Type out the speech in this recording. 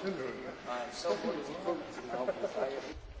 Thank you.